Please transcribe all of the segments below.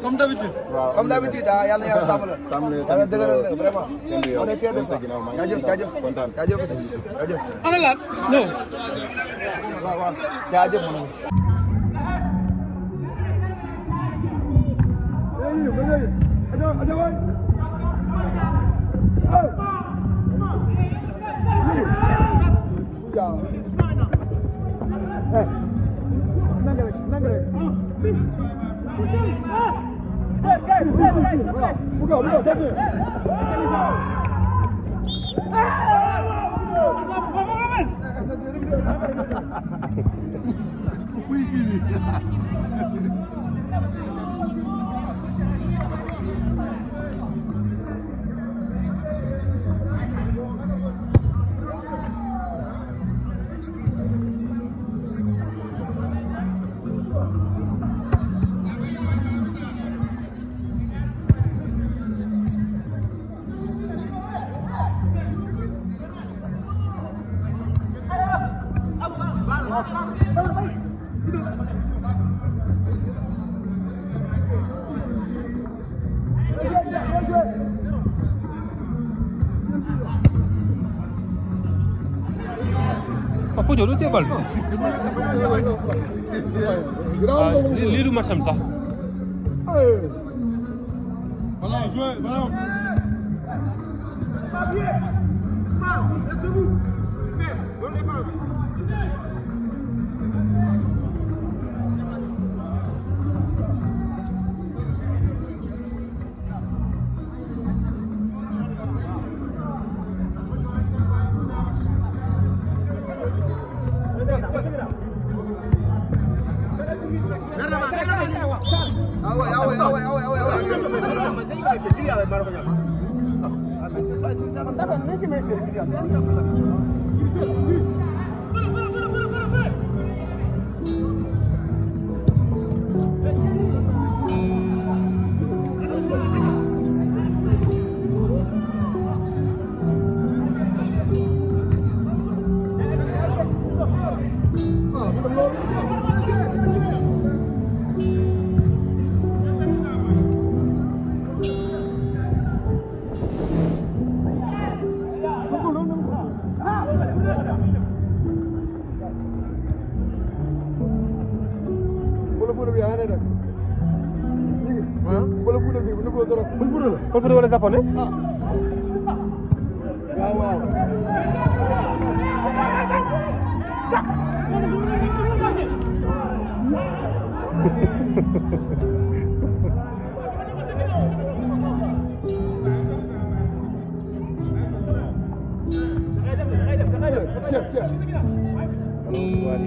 comme d'habitude. waaw comme d'habitude ah yàlla yàlla sàmm la. sàmm la yàlla dëgëral la vraiment. on est fiers de ça jaajëf jaajëf kontaan jaajëf jaajëf. ana lan non. waaw waaw jaajëf. Hey. Go, go, go, go, go. Ndiol lu bal bi waaw lii du match am sax. voilà Sen ne demek veriyorsun? Kolfuto wala japonais.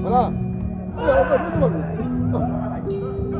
waaw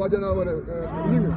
Wajana wajana eh, kamera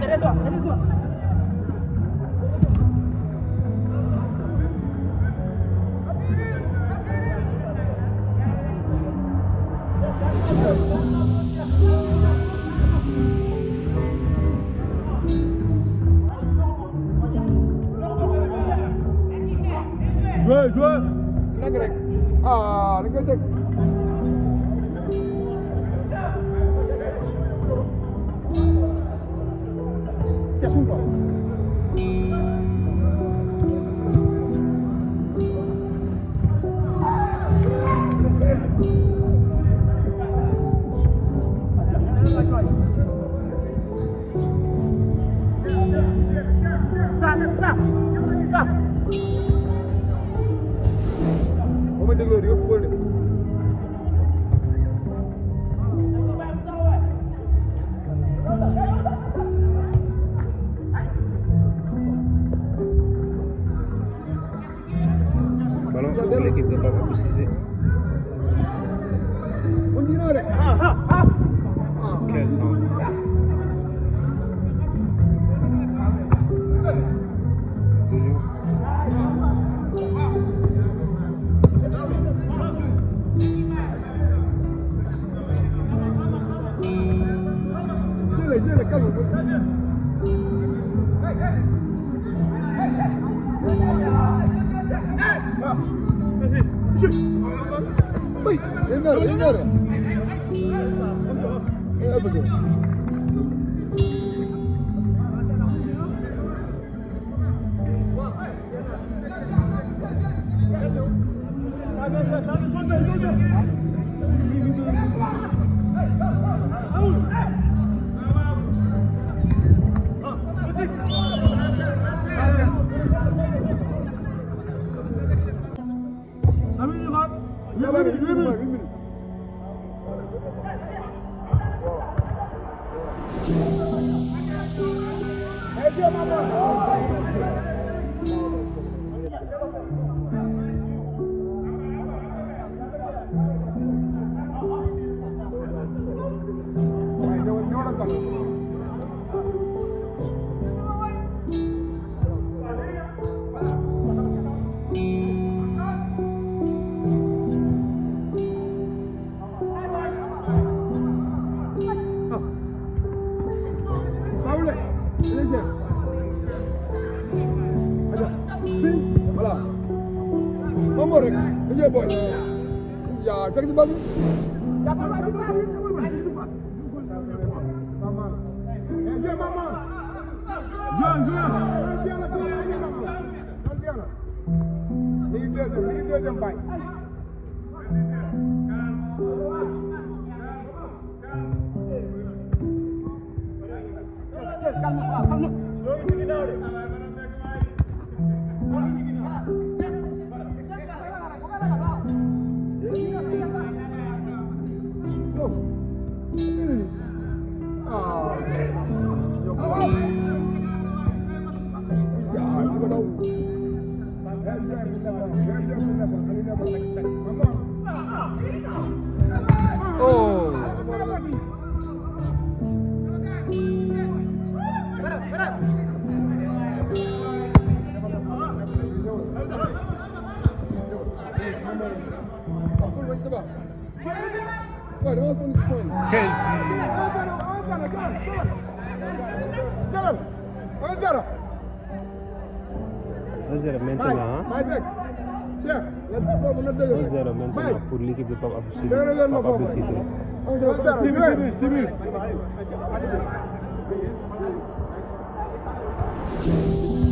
Tenés dos, tenés dos. este asunto. l'équipe de Papa Poussissé. Oy, engar, engar. Hey, apa tu? Hey, dear, my boy. yeah, boy. Yeah, check the ball. Calme-toi, calme-toi. Baye Seck Cheikh la foofu na dëgg 2-0 maintenant pour l'équipe de Pape Abdou Cissé Pape Abdou Cissé Sibir Sibir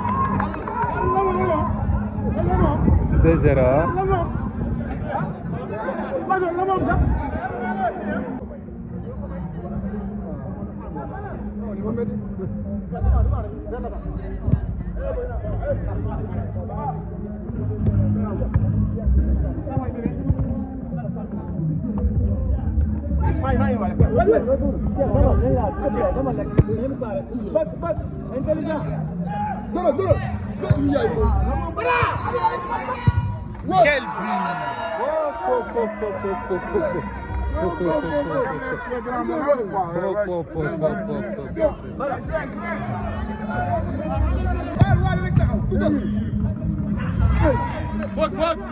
deux erreurs. Bak bak entelijan. Durun durun. Durun ya. Bravo. Quel but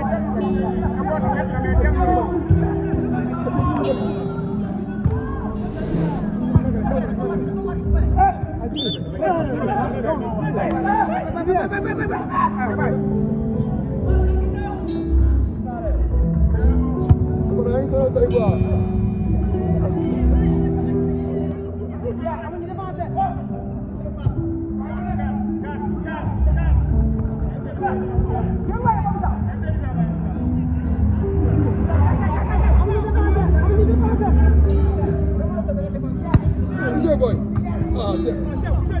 boy. Oh, shit.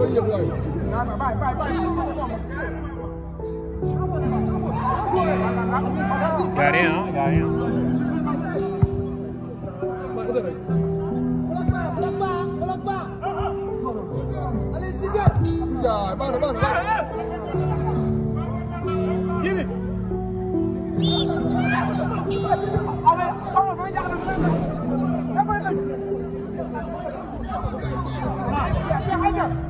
Garin, ¿no? Garin. Ya, bana, bana, bana. Gini. Abi, ama ben yardım edemem. Ne böyle? Ya, ya, ya, ya.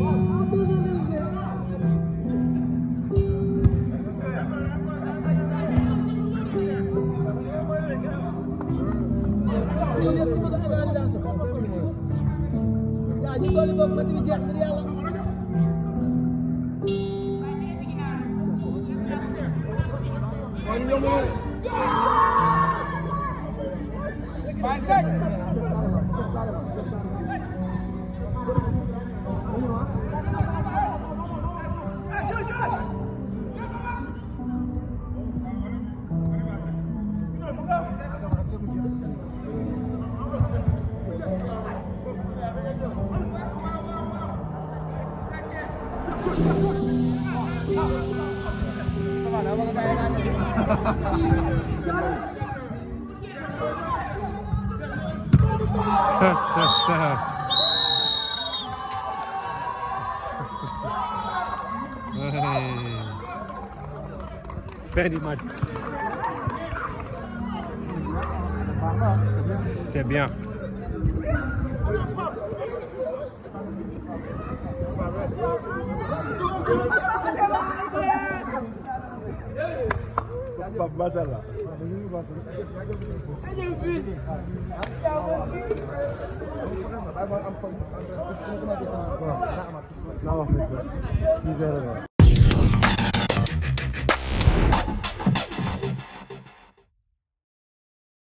ngir yàlla very much. C'est bien.